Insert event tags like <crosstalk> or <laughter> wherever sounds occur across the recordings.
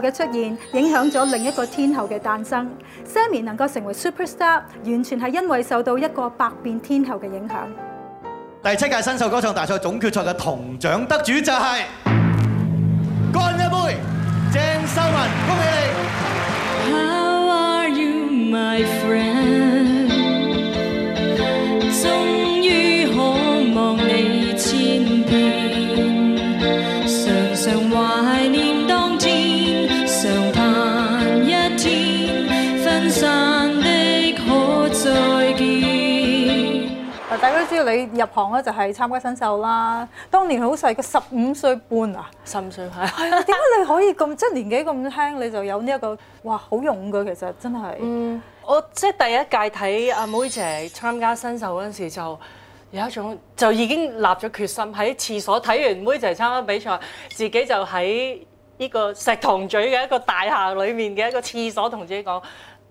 嘅出現影響咗另一個天后嘅誕生。Sammi 能夠成為 superstar，完全係因為受到一個百變天后嘅影響。第七屆新秀歌唱大賽總決賽嘅銅獎得主就係、是。即係你入行咧，就係參加新秀啦。當年好細，個十五歲半啊！十五歲係啊，點 <laughs> 解你可以咁即係年紀咁輕，你就有呢、這、一個哇，好勇嘅其實真係。嗯，我即係第一屆睇阿妹姐參加新秀嗰陣時，就有一種就已經立咗決心，喺廁所睇完妹姐參加比賽，自己就喺呢個石塘咀嘅一個大廈裡面嘅一個廁所同自己講：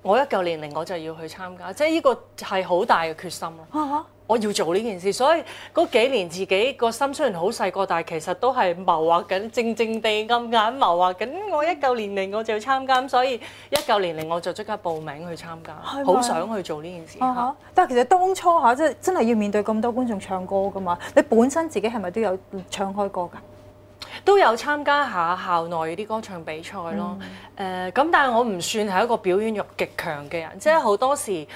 我一嚿年齡我就要去參加，即係呢個係好大嘅決心咯。啊我要做呢件事，所以嗰幾年自己個心雖然好細個，但係其實都係謀劃緊，靜靜地暗眼謀劃緊。我一嚿年齡我就要參加，所以一嚿年齡我就即刻報名去參加，好嗎想去做呢件事。啊啊、但係其實當初嚇，即係真係要面對咁多觀眾唱歌噶嘛。你本身自己係咪都有唱開歌㗎？都有參加下校內啲歌唱比賽咯。誒、嗯，咁、呃、但係我唔算係一個表演欲極強嘅人，即係好多時。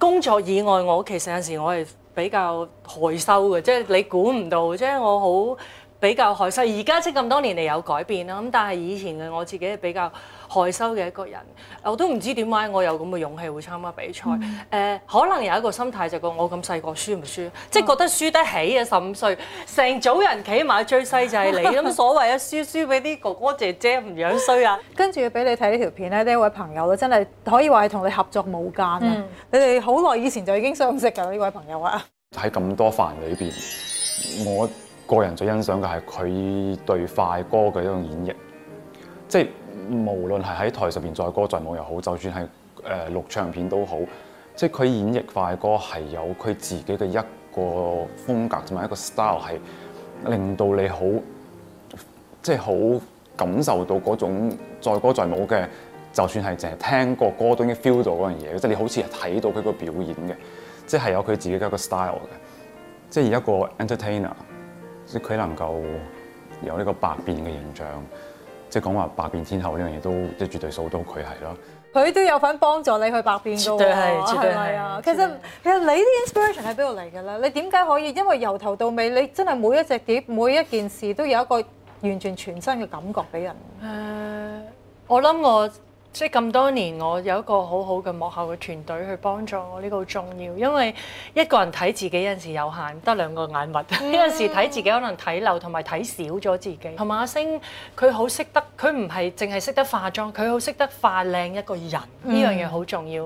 工作以外，我其實有時我係比較害羞嘅，即係你估唔到，即係我好比較害羞。而家即咁多年嚟有改變啦，咁但係以前嘅我自己比較。害羞嘅一個人，我都唔知點解我有咁嘅勇氣會參加比賽。誒、嗯，可能有一個心態就係我咁細個輸唔輸，嗯、即係覺得輸低企啊，十五歲，成組人企埋最細就係你咁。 <laughs> 所謂啊，輸輸俾啲哥哥姐姐唔樣衰啊。跟住要俾你睇呢條片咧，呢位朋友咧真係可以話係同你合作冇間啊！嗯、你哋好耐以前就已經相識㗎啦，呢位朋友啊。喺咁多飯裏邊，我個人最欣賞嘅係佢對快歌嘅一種演繹，即係。無論係喺台上面載歌載舞又好，就算係誒、呃、錄唱片都好，即係佢演繹快歌係有佢自己嘅一個風格同埋一個 style，係令到你好即係好感受到嗰種載歌載舞嘅，就算係淨係聽過歌都已經 feel 到嗰樣嘢，即係你好似睇到佢個表演嘅，即係有佢自己嘅一個 style 嘅，即係而一個 entertainer，即係佢能夠有呢個百變嘅形象。即係講話百變天后呢樣嘢都即係絕對數到佢係啦，佢都有份幫助你去百變嘅喎，係啊？係係其實對其實你啲 inspiration 喺邊度嚟嘅啦？你點解可以？因為由頭到尾你真係每一隻碟每一件事都有一個完全全新嘅感覺俾人。誒、呃，我諗我。即係咁多年，我有一個好好嘅幕後嘅團隊去幫助我，呢、這個好重要。因為一個人睇自己有陣時有限，得兩個眼物，呢 <laughs> 陣時睇自己可能睇漏同埋睇少咗自己。同埋阿星，佢好識得，佢唔係淨係識得化妝，佢好識得化靚一個人。呢、嗯、樣嘢好重要。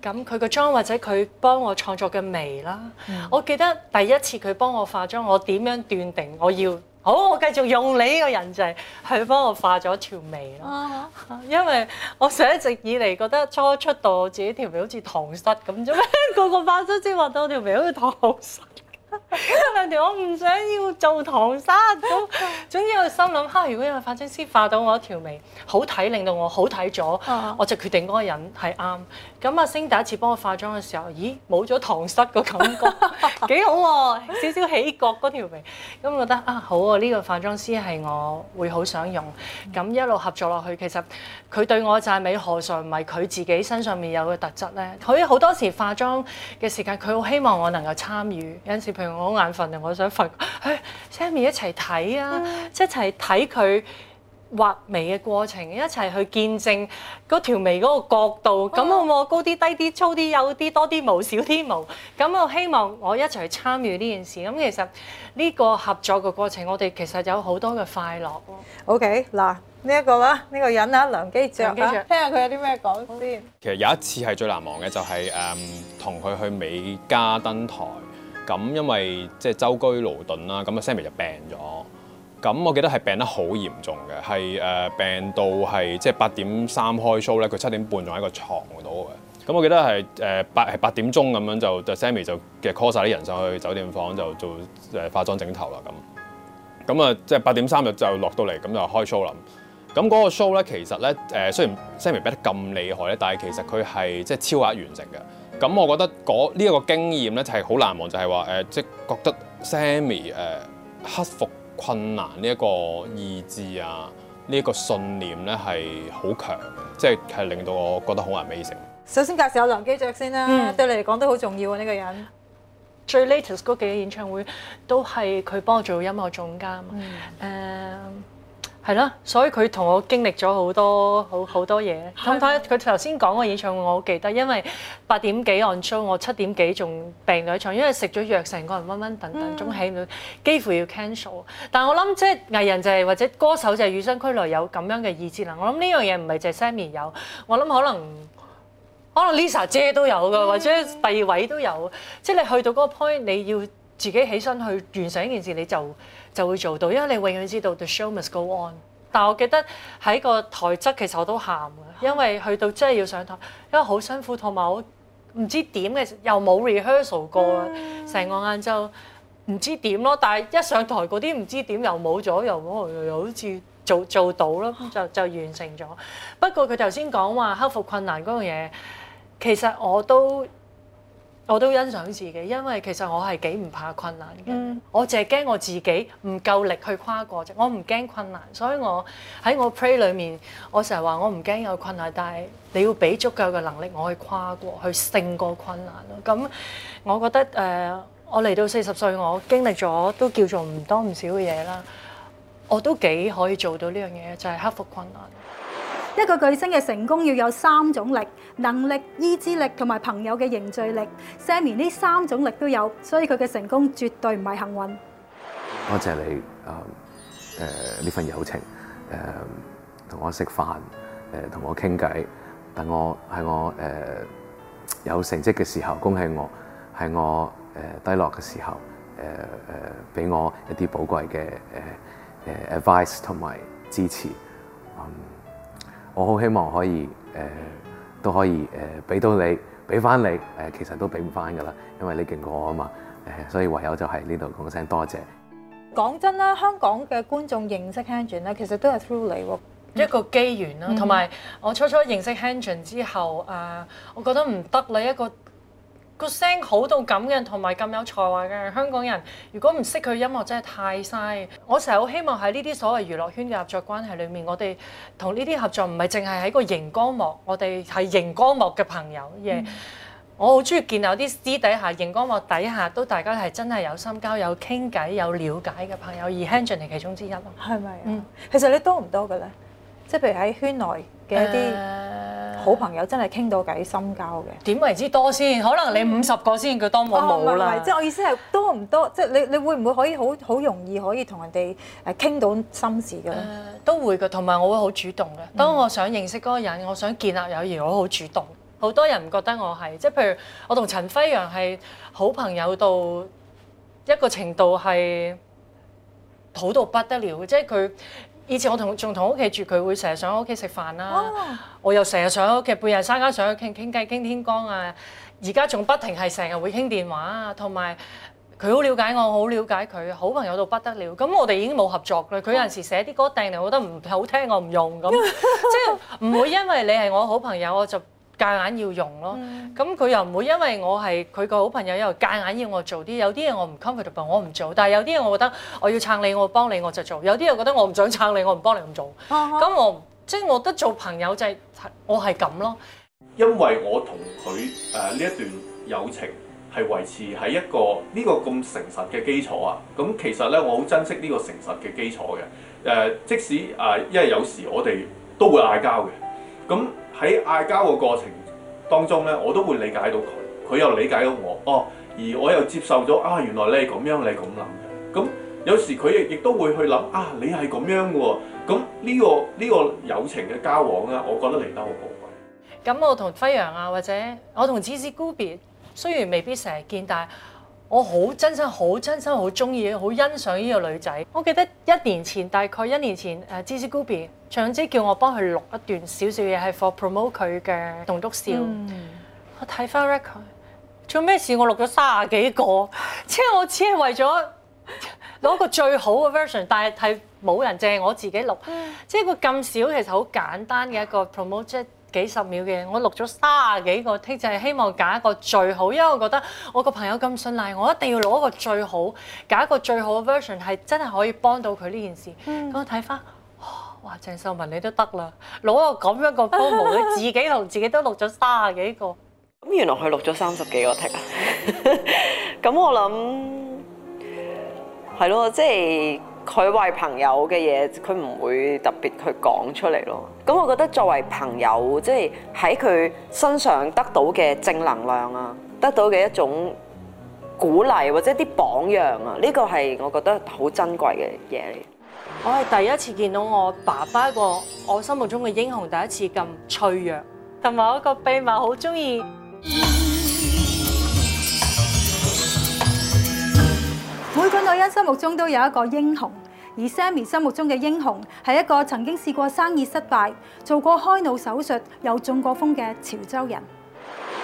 咁佢個妝或者佢幫我創作嘅眉啦，嗯、我記得第一次佢幫我化妝，我點樣斷定我要？好，我繼續用你呢個人就係去幫我化咗條眉咯。啊、因為我成一直以嚟覺得初出道，自己條眉好似唐僧咁，做咩個個化妝師畫到我條眉好似唐僧？兩條、啊、 <laughs> 我唔想要做唐僧，總總之我心諗嚇、啊，如果有化妝師化到我條眉好睇，令到我好睇咗，啊、我就決定嗰個人係啱。咁阿星第一次幫我化妝嘅時候，咦，冇咗糖室個感覺，幾好喎、啊！ <laughs> 少少起角嗰條眉，我覺得啊好喎、啊！呢、呢個化妝師係我會好想用，咁一路合作落去，其實佢對我讚美何嘗？唔係佢自己身上面有嘅特質咧。佢好多時化妝嘅時間，佢好希望我能夠參與。有陣時譬如我好眼瞓啊，我想瞓，去 Sammy 一齊睇啊，嗯、一齊睇佢。畫眉嘅過程，一齊去見證嗰條眉嗰個角度，咁好唔好？高啲、低啲、粗啲、幼啲、多啲毛、少啲毛，咁我希望我一齊去參與呢件事。咁、嗯、其實呢個合作嘅過程，我哋其實有好多嘅快樂 OK，嗱呢、這個這個、一個啦，呢個人啊，梁基俊，聽下佢有啲咩講先。好其實有一次係最難忘嘅，就係誒同佢去美加登台。咁因為即係、就是、舟車勞頓啦，咁阿 Sammy 就病咗。咁我記得係病得好嚴重嘅，係誒、呃、病到係即係八點三開 show 咧，佢七點半仲喺個床度嘅。咁我記得係誒八誒八點鐘咁樣就 Sammy 就嘅 call 晒啲人上去酒店房就做誒、呃、化妝整頭啦咁。咁啊即係八點三日就落到嚟咁就開 show 啦。咁嗰個 show 咧其實咧誒、呃、雖然 Sammy 病得咁厲害咧，但係其實佢係即係超額完成嘅。咁我覺得呢、那、一、個這個經驗咧就係、是、好難忘，就係話誒即係覺得 Sammy 誒、呃、克服困難呢一個意志啊，呢、這、一個信念咧係好強嘅，即係令到我覺得好 Amazing。首先介紹下梁基爵先啦，嗯、對你嚟講都好重要啊呢、這個人。最 latest 嗰幾場演唱會都係佢幫我做音樂總監，誒、嗯。Uh, 係咯、啊，所以佢同我經歷咗好多好好多嘢。咁睇佢頭先講個演唱會，我好記得，因為八點幾我 join，我七點幾仲病咗一場，因為食咗藥成個人温温等等，仲起唔到，幾乎要 cancel。嗯、但係我諗即係藝人就係、是、或者歌手就係與生俱來有咁樣嘅意志啦。我諗呢樣嘢唔係淨係 Sammy 有，我諗可能可能 Lisa 姐都有㗎，或者第二位都有。即係、嗯、你去到嗰個 point，你要自己起身去完成一件事，你就。就會做到，因為你永遠知道 The show must go on。但我記得喺個台側，其實我都喊嘅，因為去到真係要上台，因為好辛苦，同埋我唔知點嘅，又冇 rehearsal 過，成、嗯、個晏晝唔知點咯。但係一上台嗰啲唔知點又冇咗，又又,又好似做做到咯，就就完成咗。嗯、不過佢頭先講話克服困難嗰樣嘢，其實我都。我都欣賞自己，因為其實我係幾唔怕困難嘅。嗯、我淨係驚我自己唔夠力去跨過啫。我唔驚困難，所以我喺我 pray 裏面，我成日話我唔驚有困難，但係你要俾足夠嘅能力我去跨過，去勝過困難咯。咁我覺得誒、呃，我嚟到四十歲，我經歷咗都叫做唔多唔少嘅嘢啦。我都幾可以做到呢樣嘢，就係、是、克服困難。一個巨星嘅成功要有三種力：能力、意志力同埋朋友嘅凝聚力。Sammi 呢三種力都有，所以佢嘅成功絕對唔係幸運。多謝你誒誒呢份友情誒，同、呃、我食飯誒，同、呃、我傾偈，等我喺我誒、呃、有成績嘅時候恭喜我，喺我誒、呃、低落嘅時候誒誒俾我一啲寶貴嘅誒誒 advice 同埋支持。呃我好希望可以誒、呃，都可以誒，俾、呃、到你，俾翻你誒、呃，其實都俾唔翻噶啦，因為你勁過我啊嘛，誒、呃，所以唯有就喺呢度講聲多謝。講真啦，香港嘅觀眾認識 Henry 咧，其實都係 through 你喎，一個機緣啦。同埋、嗯、我初初認識 Henry 之後啊、呃，我覺得唔得你一個。個聲好到咁嘅，同埋咁有才華嘅香港人，如果唔識佢音樂真係太嘥。我成日好希望喺呢啲所謂娛樂圈嘅合作關係裏面，我哋同呢啲合作唔係淨係喺個熒光幕，我哋係熒光幕嘅朋友嘅。嗯、我好中意見有啲私底下熒光幕底下都大家係真係有心交、有傾偈、有了解嘅朋友，而 Hanjin 係其中之一咯。係咪、啊？嗯，其實你多唔多嘅咧？即係譬如喺圈內嘅一啲、呃。好朋友真係傾到偈，深交嘅。點為之多先？可能你五十個先，佢當我冇啦。即係我意思係多唔多？即係你你會唔會可以好好容易可以同人哋誒傾到心事嘅咧，呃？都會嘅，同埋我會好主動嘅。當我想認識嗰個人，嗯、我想建立友誼，我好主動。好多人唔覺得我係，即係譬如我同陳輝陽係好朋友到一個程度係好到不得了，即係佢。以前我同仲同屋企住，佢會成日上我屋企食飯啦。哇我又成日上屋企，半夜三更上去傾傾偈、傾天光啊。而家仲不停係成日會傾電話啊，同埋佢好了解我，好了解佢，好朋友到不得了。咁我哋已經冇合作㗎。佢哇有陣時寫啲歌掟嚟，我覺得唔好聽，我唔用咁，即係唔會因為你係我好朋友我就。夾硬要用咯，咁佢、嗯、又唔會因為我係佢個好朋友，因又夾硬要我做啲。有啲嘢我唔 comfortable，我唔做。但係有啲嘢我覺得我要撐你，我幫你我就做。有啲又覺得我唔想撐你，我唔幫你唔做。咁、啊、哈我即係、就是、我覺得做朋友就係、是、我係咁咯。因為我同佢誒呢一段友情係維持喺一個呢、這個咁誠實嘅基礎啊。咁其實咧，我好珍惜呢個誠實嘅基礎嘅誒，即使誒、呃、因為有時我哋都會嗌交嘅。咁喺嗌交個過程當中咧，我都會理解到佢，佢又理解到我，哦，而我又接受咗啊，原來你係咁樣，你係咁諗。咁、嗯、有時佢亦亦都會去諗啊，你係咁樣嘅喎。咁、嗯、呢、這個呢、這個友情嘅交往咧，我覺得嚟得好寶貴。咁我同輝陽啊，或者我同子子姑別，雖然未必成日見，但係。我好真心、好真心、好中意、好欣賞呢個女仔。我記得一年前，大概一年前，誒，GisCoupe 上次叫我幫佢錄一段少少嘢，係 for promote 佢嘅棟篤笑。嗯、我睇翻 record，做咩事？我錄咗三十幾個，即係我只係為咗攞個最好嘅 version，但係係冇人，淨係我自己錄。即係個咁少，其實好簡單嘅一個 promote。幾十秒嘅，我錄咗三十幾個 take，就係希望揀一個最好，因為我覺得我個朋友咁信賴我，一定要攞一個最好，揀一個最好嘅 version，係真係可以幫到佢呢件事。咁我睇翻，哇，鄭秀文你都得啦，攞個咁樣個規模，自己同自己都錄咗三十幾個。咁原來佢錄咗三十幾個 take 啊！咁 <laughs> <laughs> 我諗係咯，即係。就是佢為朋友嘅嘢，佢唔會特別去講出嚟咯。咁我覺得作為朋友，即係喺佢身上得到嘅正能量啊，得到嘅一種鼓勵或者啲榜樣啊，呢個係我覺得好珍貴嘅嘢嚟。我係第一次見到我爸爸個我心目中嘅英雄，第一次咁脆弱，同埋我個秘密好鍾意。每個女人心目中都有一個英雄，而 Sammy 心目中嘅英雄係一個曾經試過生意失敗、做過開腦手術又中過風嘅潮州人。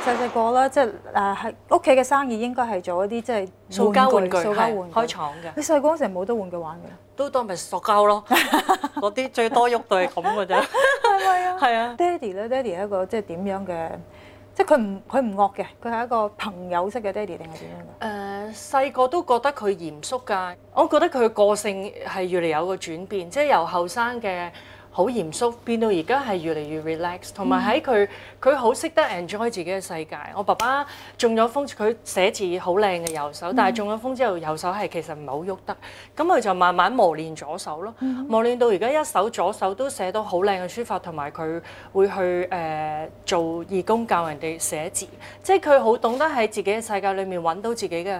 細細個啦，即係誒，係屋企嘅生意應該係做一啲即係塑膠玩具、塑膠玩具、開廠嘅。你細個嗰時冇得玩具玩嘅？都當咪塑膠咯，嗰啲最多喐到係咁嘅啫。係咪啊？係啊。爹哋咧，爹哋係一個即係點樣嘅？即係佢唔佢唔惡嘅，佢係一個朋友式嘅爹哋定係點樣嘅？誒，細個都覺得佢嚴肅㗎，我覺得佢個性係越嚟有個轉變，即係由後生嘅。好嚴肅，變到而家係越嚟越 relax，同埋喺佢佢好識得 enjoy 自己嘅世界。我爸爸中咗風，佢寫字好靚嘅右手，但係中咗風之後右手係其實唔係好喐得，咁佢就慢慢磨練左手咯，磨練到而家一手左手都寫到好靚嘅書法，同埋佢會去誒、呃、做義工教人哋寫字，即係佢好懂得喺自己嘅世界裏面揾到自己嘅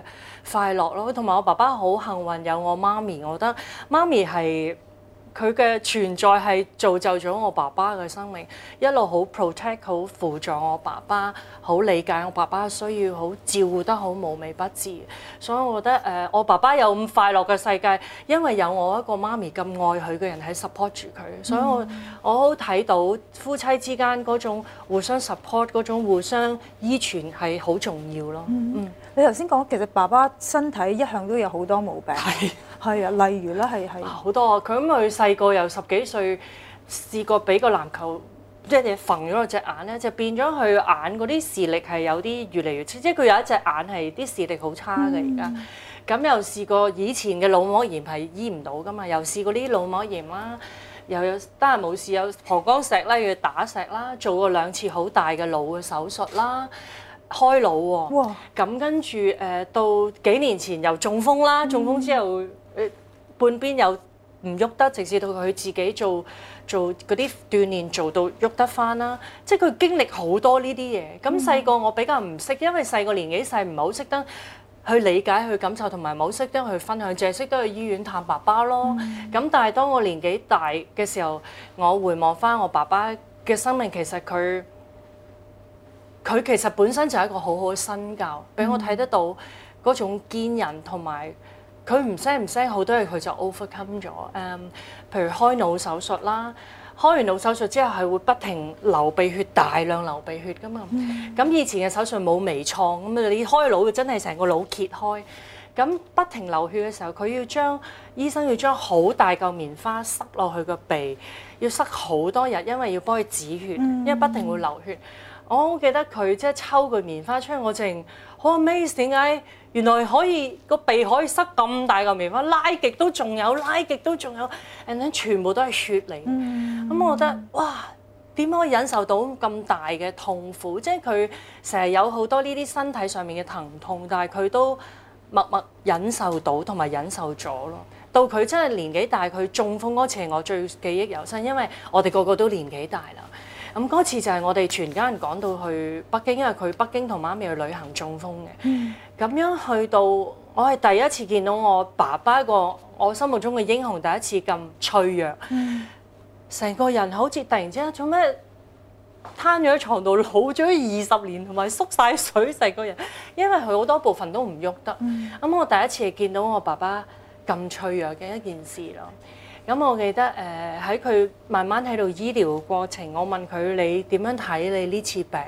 快樂咯。同埋我爸爸好幸運有我媽咪，我覺得媽咪係。佢嘅存在係造就咗我爸爸嘅生命，一路好 protect，好扶助我爸爸，好理解我爸爸需要，好照顧得好無微不至。所以我覺得誒、呃，我爸爸有咁快樂嘅世界，因為有我一個媽咪咁愛佢嘅人喺 support 住佢。所以我、嗯、我好睇到夫妻之間嗰種互相 support，嗰種互相依存係好重要咯。嗯，嗯，你頭先講其實爸爸身體一向都有好多毛病。係。係啊，例如咧係係好多啊，佢咁佢細個由十幾歲試過俾個籃球即係揈咗落隻眼咧，就變咗佢眼嗰啲視力係有啲越嚟越差，即係佢有一隻眼係啲視力好差嘅而家。咁又試過以前嘅腦膜炎係醫唔到㗎嘛，又試過啲腦膜炎啦，又有得係冇事。有膀胱石啦要打石啦，做過兩次好大嘅腦嘅手術啦，開腦喎、啊。哇！咁跟住誒、呃、到幾年前又中風啦，中風之後。嗯半邊有唔喐得，直至到佢自己做做嗰啲鍛鍊，做到喐得翻啦。即係佢經歷好多呢啲嘢。咁細個我比較唔識，因為細個年紀細唔係好識得去理解、去感受，同埋唔好識得去分享，淨係識得去醫院探爸爸咯。咁、嗯、但係當我年紀大嘅時候，我回望翻我爸爸嘅生命，其實佢佢其實本身就係一個好好嘅身教，俾我睇得到嗰種堅忍同埋。佢唔聲唔聲好多嘢，佢就 overcome 咗誒。Um, 譬如開腦手術啦，開完腦手術之後係會不停流鼻血，大量流鼻血噶嘛。咁以前嘅手術冇微創，咁你開腦真係成個腦揭開，咁不停流血嘅時候，佢要將醫生要將好大嚿棉花塞落去個鼻，要塞好多日，因為要幫佢止血，mm hmm. 因為不停會流血。我好記得佢即係抽個棉花出嚟我淨，好 amazed 點解原來可以個鼻可以塞咁大個棉花，拉極都仲有，拉極都仲有，and then 全部都係血嚟。咁、mm hmm. 嗯、我覺得哇，點可以忍受到咁大嘅痛苦？即係佢成日有好多呢啲身體上面嘅疼痛，但係佢都默默忍受到同埋忍受咗咯。到佢真係年紀大，佢中風嗰次係我最記憶猶新，因為我哋個個都年紀大啦。咁嗰次就係我哋全家人趕到去北京，因為佢北京同媽咪去旅行中風嘅。咁、嗯、樣去到，我係第一次見到我爸爸個，我心目中嘅英雄，第一次咁脆弱，成、嗯、個人好似突然之間做咩攤咗喺床度，老咗二十年同埋縮晒水成個人，因為佢好多部分都唔喐得。咁、嗯、我第一次見到我爸爸咁脆弱嘅一件事咯。咁我記得誒喺佢慢慢喺度醫療過程，我問佢你點樣睇你呢次病？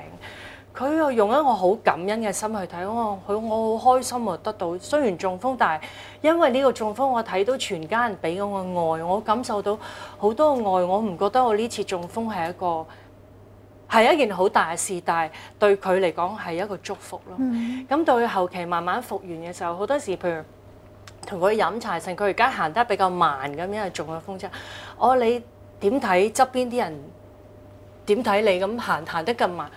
佢又用一個好感恩嘅心去睇，我佢我好開心啊，我得到雖然中風，但係因為呢個中風，我睇到全家人俾我嘅愛，我感受到好多愛，我唔覺得我呢次中風係一個係一件好大嘅事，但係對佢嚟講係一個祝福咯。咁、嗯、到佢後期慢慢復原嘅時候，好多時譬如。同佢飲茶，剩佢而家行得比較慢咁樣，係仲有風車、哦。我話你點睇側邊啲人？點睇你咁行行得咁慢？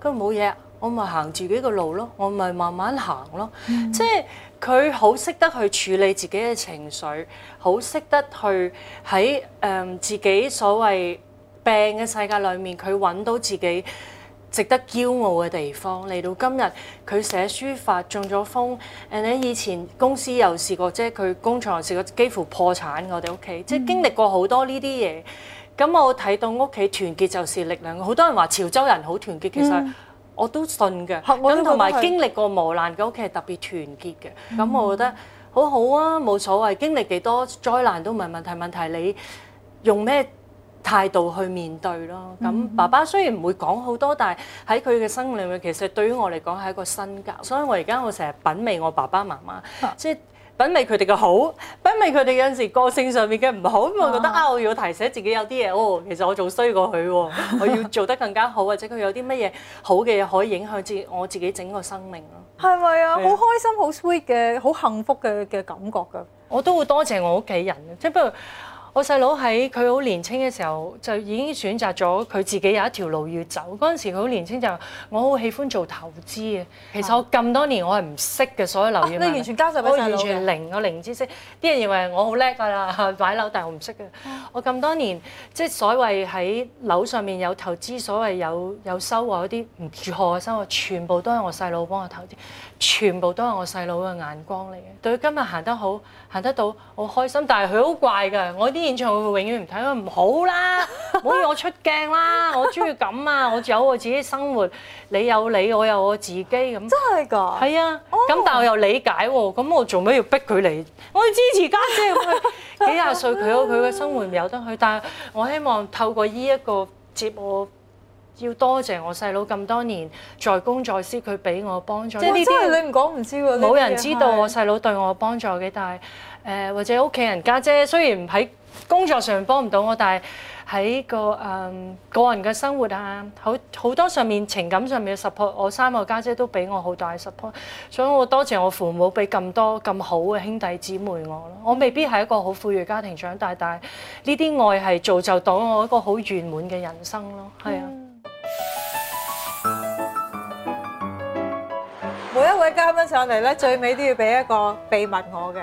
佢冇嘢，我咪行自己個路咯，我咪慢慢行咯。嗯、即係佢好識得去處理自己嘅情緒，好識得去喺誒、呃、自己所謂病嘅世界裏面，佢揾到自己。值得驕傲嘅地方嚟到今日，佢寫書法中咗風，誒你以前公司又試過，即係佢工廠又試過幾乎破產我，我哋屋企即係經歷過好多呢啲嘢。咁我睇到屋企團結就是力量。好多人話潮州人好團結，其實、嗯、我都信嘅。咁同埋經歷過磨難嘅屋企係特別團結嘅。咁、嗯、我覺得好好啊，冇所謂，經歷幾多災難都唔係問題。問題你用咩態度去面對咯，咁爸爸雖然唔會講好多，但係喺佢嘅心裏面，其實對於我嚟講係一個身教，所以我而家我成日品味我爸爸媽媽，即係、啊、品味佢哋嘅好，品味佢哋有陣時個性上面嘅唔好，我覺得啊，啊，我要提醒自己有啲嘢哦，其實我仲衰過佢喎，我要做得更加好，或者佢有啲乜嘢好嘅嘢可以影響至我自己整個生命咯。係咪啊？好、啊、開心，好 sweet 嘅，好幸福嘅嘅感覺噶。我都會多謝我屋企人嘅，即係不如。我細佬喺佢好年輕嘅時候就已經選擇咗佢自己有一條路要走。嗰陣時佢好年輕，就我好喜歡做投資嘅。其實我咁多年我係唔識嘅所謂樓業，我完全零，我零知識。啲人認為我好叻㗎啦，買樓，但係我唔識嘅。的我咁多年即係所謂喺樓上面有投資，所謂有有收穫嗰啲唔錯嘅收穫，全部都係我細佬幫我投資，全部都係我細佬嘅眼光嚟嘅。對今日行得好，行得到我開心，但係佢好怪㗎，我啲。演唱會永遠唔睇，因為唔好啦，唔好要我出鏡啦，我中意咁啊，我有我自己生活，你有你，我有我自己咁。真係㗎。係啊，咁、哦、但係我又理解喎，咁我做咩要逼佢嚟？我要支持家姐，姐， <laughs> 幾廿歲佢有佢嘅生活有得去， <laughs> 但係我希望透過呢、這、一個節目，要多謝我細佬咁多年在公在私。佢俾我幫助。即係呢你唔講唔知喎，冇些人知道我細佬對我幫助嘅，但係誒、呃、或者屋企人，人家姐雖然唔喺。工作上幫唔到我，但係喺個誒、呃、個人嘅生活啊，好好多上面情感上面嘅 support，我三個家姐,姐，都俾我好大嘅 support，所以我多謝我父母俾咁多咁好嘅兄弟姊妹我咯。我未必係一個好富裕家庭長大，但係呢啲愛係造就到我一個好圓滿嘅人生咯。係啊、嗯，每一位嘉賓上嚟咧，最尾都要俾一個秘密我嘅。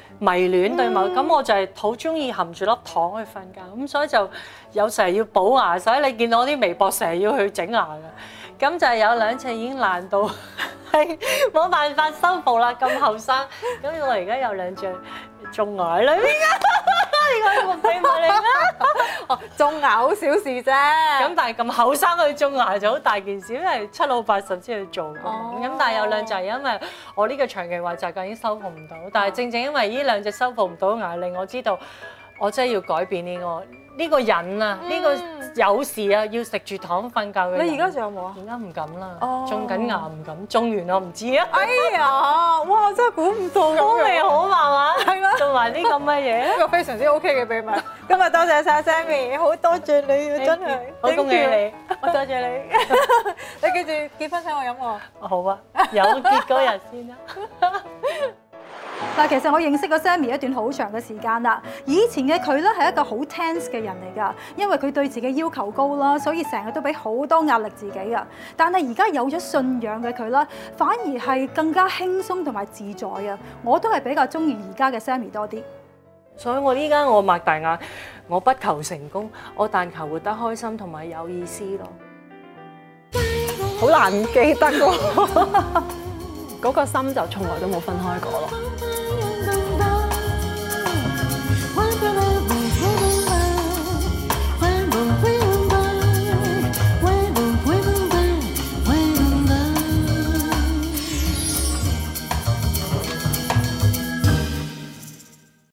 迷戀對嘛？咁、嗯、我就係好中意含住粒糖去瞓覺，咁所以就有成日要補牙。所以你見到我啲微博成日要去整牙嘅，咁就係有兩隻已經爛到係冇 <laughs> 辦法修補啦，咁後生。咁 <laughs> 我而家有兩隻仲牙咧。 <laughs> 呢個係個廢牙啦！哦，種牙好小事啫。咁但係咁後生去種牙就好大件事，oh，件事，因為七老八十先去做。咁但係有兩隻，因為我呢個長期壞習慣已經修復唔到。但係正正因為呢兩隻修復唔到牙，令我知道。我真係要改變呢個呢個人啊，呢個有事啊，要食住糖瞓覺嘅。你而家仲有冇啊？而家唔敢啦，種緊牙唔敢，種完我唔知啊。哎呀，哇！真係估唔到，好味好麻麻，係啦。同埋呢咁嘅嘢，呢個非常之 OK 嘅秘密。今日多謝晒 Sammy，好多謝你，真係，好恭喜你，我多謝你。你記住結婚請我飲喎。好啊，有結婚嗰日先啦。但其實我認識過 Sammy 一段好長嘅時間啦，以前嘅佢咧，係一個好 tense 嘅人嚟噶，因為佢對自己要求高啦，所以成日都俾好多壓力自己噶。但係而家有咗信仰嘅佢啦，反而係更加輕鬆同埋自在啊！我都係比較中意而家嘅 Sammy 多啲。所以我依家我擘大眼，我不求成功，我但求活得開心同埋有意思咯。好 <laughs> 難唔記得喎，嗰 <laughs> 個心就從來都冇分開過咯。